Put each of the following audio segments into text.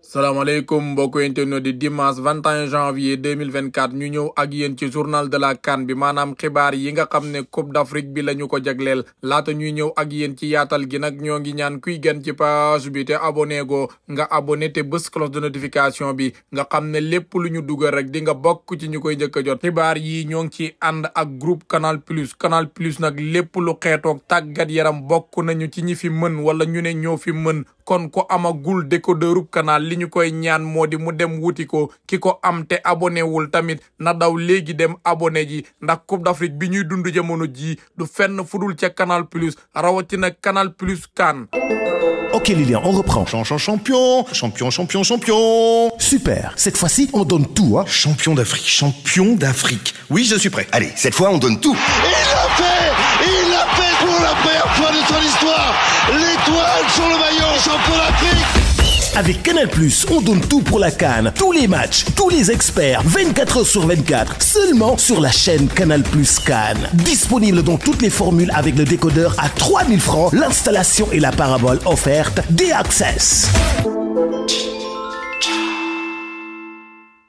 salaamaaleykum mbokku internet di dimanche 21 janvier 2024 ñu ñëw ak yéen ci journal de la kan bi maanaam xibaar yi nga xam ne coupe d'Afrique bi la ñu ko jagleel laata ñuy ñëw ak yéen ci yaatal gi nag ñoo ngi ñaan kuy gën ci page bi te abone go nga abonné te bës cloche de notification bi nga xam ne lépp lu ñu dugal rek di nga bokk ci ñu koy njëkk a jot xibaar yi ñoo ngi ci ànd ak groupe Canal Plus Canal Plus nag lépp lu xeetoog tàggat yaram bokk nañu ci ñi fi mën wala ñu ne ñoo fi mën kon ko amagul décodeurub canal li ñu koy ñaan moo di mu dem wuuti ko ki ko am te abonné wul tamit na daw léegi dem abonné ji ndax Coupe d'Afrique bi ñuy dund jamono jii du fenn fudul ca Canal Plus rawatina Canal Plus CAN. Ok Lilian, on reprend. Champion, champion, champion, champion, champion. Super. Cette fois-ci, on donne tout, Champion d'Afrique, champion d'Afrique. Oui, je suis prêt. Allez, cette fois, on donne tout. Il l'a fait Il l'a fait pour la première fois de son histoire L'étoile sur le maillot pour l'Afrique Avec Canal+, on donne tout pour la CAN. Tous les matchs, tous les experts, 24 heures sur 24, seulement sur la chaîne Canal+ CAN. Disponible dans toutes les formules avec le décodeur à 3000 francs, l'installation et la parabole offerte, D-Access.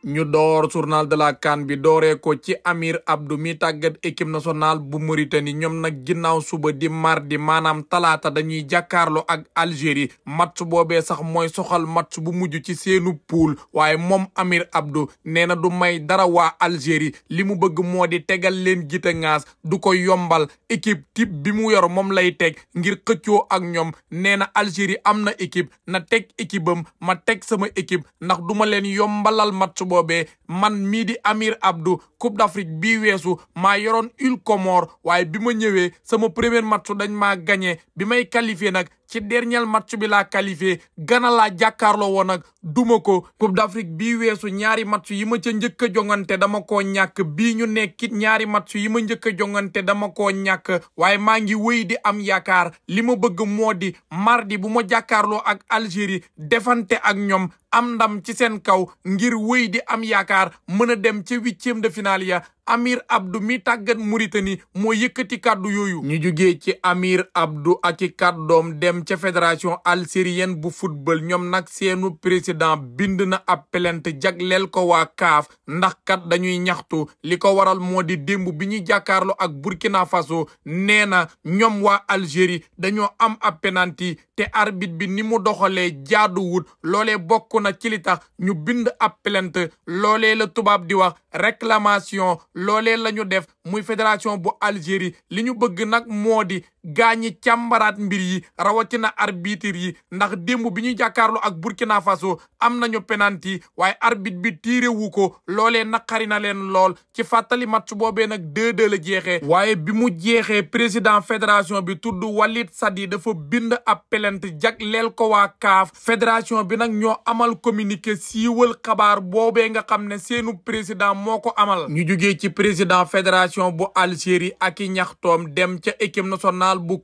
ñu door journal de la CAN bi dooree ko ci Amir Abdou mi tàggat équipe nationale bu Mauritanie ñoom nag ginnaaw suba di mardi maanaam talaata dañuy jàkkaarloo ak Algérie match boobee sax mooy soxal match bu mujj ci seenu pool waaye moom Amir abdu nee na du may dara waa Algérie li mu bëgg moo di tegal leen gite ngaas du ko yombal équipe type bi mu yor moom lay teg ngir xëccoo ak ñoom nee na Algérie am na équipe na teg équipe am ma teg sama équipe ndax du ma leen yombalal match boobee man mii di Amir Abdou Coupe d'Afrique bi weesu maa yoroon Îles Comores waaye bi ma ñëwee sama premier match dañ maa gañe bi may qualifié nag ci dernier match bi laa qualifié Ghana laa jàkkaarloo woon ak duma ko Coupe d'Afrique bi weesu ñaari match yi ma ca njëkk a jongante dama ko ñàkk bii ñu nekkit ñaari match yi ma njëkk a jongante dama ko ñàkk waaye maa ngi wéy di am yaakaar li ma bëgg moo di mardi bu ma jàkkaarloo ak Algérie defante ak ñoom am ndam ci seen kaw ngir wéy di am yaakaar mën a dem ci huitième de ya Amir Abdou mi tàggat Mauritanie moo yëkkati kàddu yooyu ñu jugee ci Amir Abdou ak i kàddoom dem ca fédération algérienne bu football ñoom nag seenu président bind na ab plainte jagleel ko waa CAF ndax kat dañuy ñaxtu li ko waral moo di démb bi ñuy jàkkaarloo ak Burkina Faso nee na ñoom waa Algérie dañoo am ab penalty te arbitre bi ni mu doxalee jaaduwut loolee bokk na ci li tax ñu bind ab plainte loolee la tubaab di wax réclamation loolee la ñu def muy fédération bu Algérie li ñu bëgg nag moo di gaañi ñi càmbaraat mbir yi rawatina arbitre yi ndax démb bi ñu jàkkaarloo ak Burkina Faso am nañu penalty waaye arbitre bi tiire wu ko loolee naqari na leen lool ci fàttali match boobee nag 2-2 la jeexee. waaye bi mu jeexee président fédération bi tudd Walid Sadi dafa bind ab plainte jagleel ko waa fédération bi nag ñoo amal communiqué siiwal xabaar boobee nga xam ne seenu président moo ko amal. ñu jugee ci président fédération bu Algérie ak i ñaxtoom dem ca équipe nationale. national bu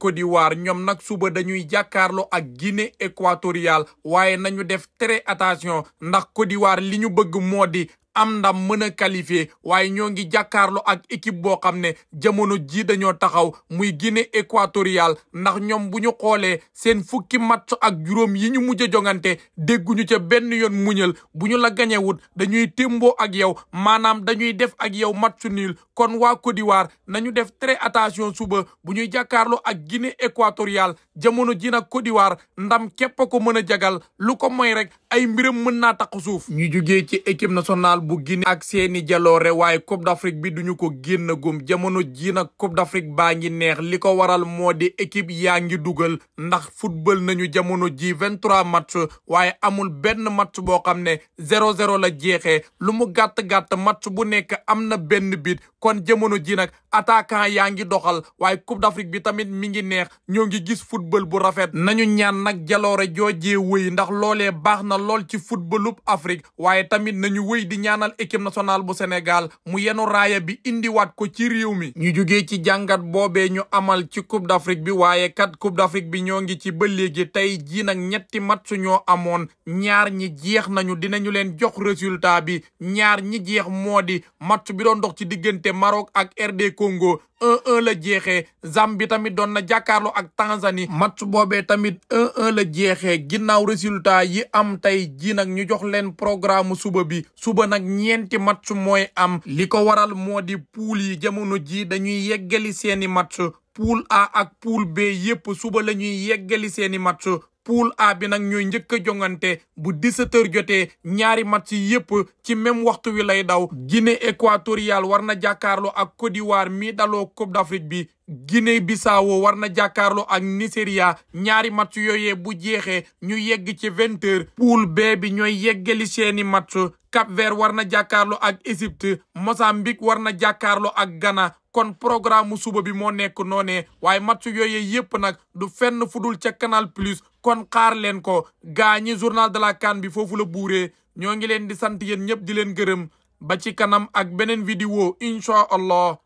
ñoom nag suba dañuy jàkkaarloo ak Guinée équatoriale waaye nañu def très attention ndax Côte d'Ivoire li ñu bëgg moo di am ndam mën a qualifié waaye ñoo ngi jàkkaarloo ak équipe boo xam ne jamono ji dañoo taxaw muy Guinée équatoriale ndax ñoom bu ñu xoolee seen fukki match ak juróom yi ñu mujj a jongante dégguñu ca benn yoon muñal bu ñu la gañewut dañuy témboo ak yow maanaam dañuy def ak yow match nul kon waa Côte d'Ivoire nañu def très attention suba bu ñuy jàkkaarloo ak Guinée équatoriale jamono ji nag Côte ndam képp ko mën a jagal lu ko moy rek ay mbiram mën naa takku suuf ñu jugee ci équipe nationale bu Guinée ak seeni jaloore waaye Coupe d'Afrique bi duñu ko génn gum jamono ji nag Coupe d'Afrique baa ngi neex li ko waral moo di équipe yaa ngi dugal ndax football nañu jamono ji vingt-trois match waaye amul benn match boo xam ne zéro zéro la jeexee lu mu gàtt-gàtt match bu nekk am na benn bit kon jamono ji nag attaquant yaa ngi doxal waaye Coupe d'Afrique bi tamit mi ngi neex ñoo ngi gis football bu rafet nañu ñaan nag jaloore joojee wëy ndax loolee baax na na lool ci footballub Afrique waaye tamit nañu wéy di ñaanal équipe nationale bu Sénégal mu yenu raaya bi indiwaat ko ci réew mi ñu jugee ci jàngat boobee ñu amal ci coupe d'Afrique bi waaye kat coup d'Afrique bi ñoo ngi ci ba léegi tey jii nag ñetti match ñoo amoon ñaar ñi jeex nañu dinañu leen jox résultat bi ñaar ñi jeex moo di match bi doon dox ci diggante Maroc ak RD Congo un un la jeexee Zambie tamit doon na jàkkaarloo ak Tanzanie match boobee tamit un un la jeexee ginnaaw résultat yi am tey ji nag ñu jox leen programme suba bi suba nag ñeenti match mooy am li ko waral moo di poul yi jamono ji dañuy yeggali seeni match poul A ak poul B yépp suba la ñuy yeggali seeni match poule A bi nag ñooy njëkk a jongante bu 17h jotee ñaari match yépp ci même waxtu wi lay daw Guinée équatoriale war na jàkkaarloo ak Côte d'Ivoire mi daloo Coupe d'Afrique bi Guinée Bissau war na jàkkaarloo ak Nigeria ñaari match yooyee bu jeexee ñu yegg ci vingt heures poule B bi ñooy yeggali seeni match Cap Vert war na jàkkaarloo ak Égypte Mozambique war na jàkkaarloo ak Ghana kon programme mu suba bi moo nekk noonee waaye match yooyee yépp nag du fenn fudul ca Canal Plus kon xaar leen ko gaa ñi journal de la CAN bi foofu la buuree ñoo ngi leen di sant yéen ñëpp di leen gërëm ba ci kanam ak beneen vidéo incha allah